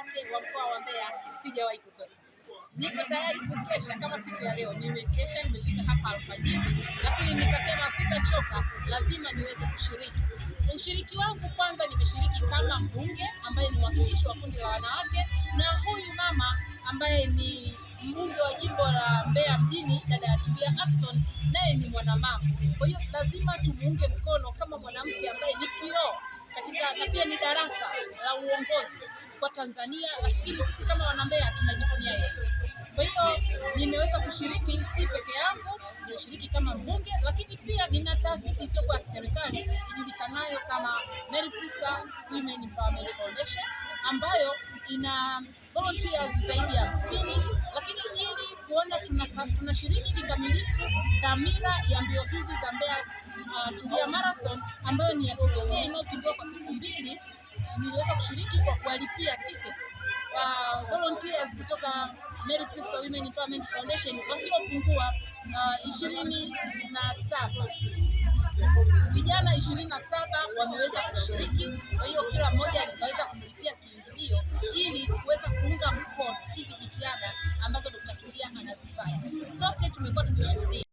wanawake wa mkoa wa Mbeya sijawahi kukosa. Niko tayari kukesha kama siku ya leo nimekesha, nimefika hapa alfajiri, lakini nikasema sitachoka, lazima niweze kushiriki. Ushiriki wangu kwanza, nimeshiriki kama mbunge ambaye ni mwakilishi wa kundi la wanawake, na huyu mama ambaye ni mbunge wa jimbo la Mbeya mjini, dada ya Tulia Ackson, naye ni mwanamama. Kwa hiyo lazima tumuunge mkono kama mwanamke ambaye ni kioo katika na pia ni darasa la uongozi kwa Tanzania, lakini sisi kama wanambea tunajivunia yeye. Kwa hiyo nimeweza kushiriki, si peke yangu, nilishiriki kama mbunge, lakini pia nina taasisi isiyokuwa ya kiserikali ijulikanayo kama Mary Priska Women Empowerment Foundation ambayo ina volunteers zaidi ya hamsini, lakini ili kuona tunashiriki tuna kikamilifu dhamira ya mbio hizi za Mbeya uh, Tulia Marathon ambayo ni ya kipekee inayokimbia kwa siku mbili niliweza kushiriki kwa kuwalipia tiketi uh, ah, volunteers kutoka Mary Priska Women Empowerment Foundation wasiopungua ah, ishirini uh, na saba vijana ishirini na saba wameweza kushiriki. Kwa hiyo kila mmoja nikaweza kumlipia kiingilio ili kuweza kuunga mkono hizi jitihada ambazo Dr. Tulia anazifanya. Sote tumekuwa tukishuhudia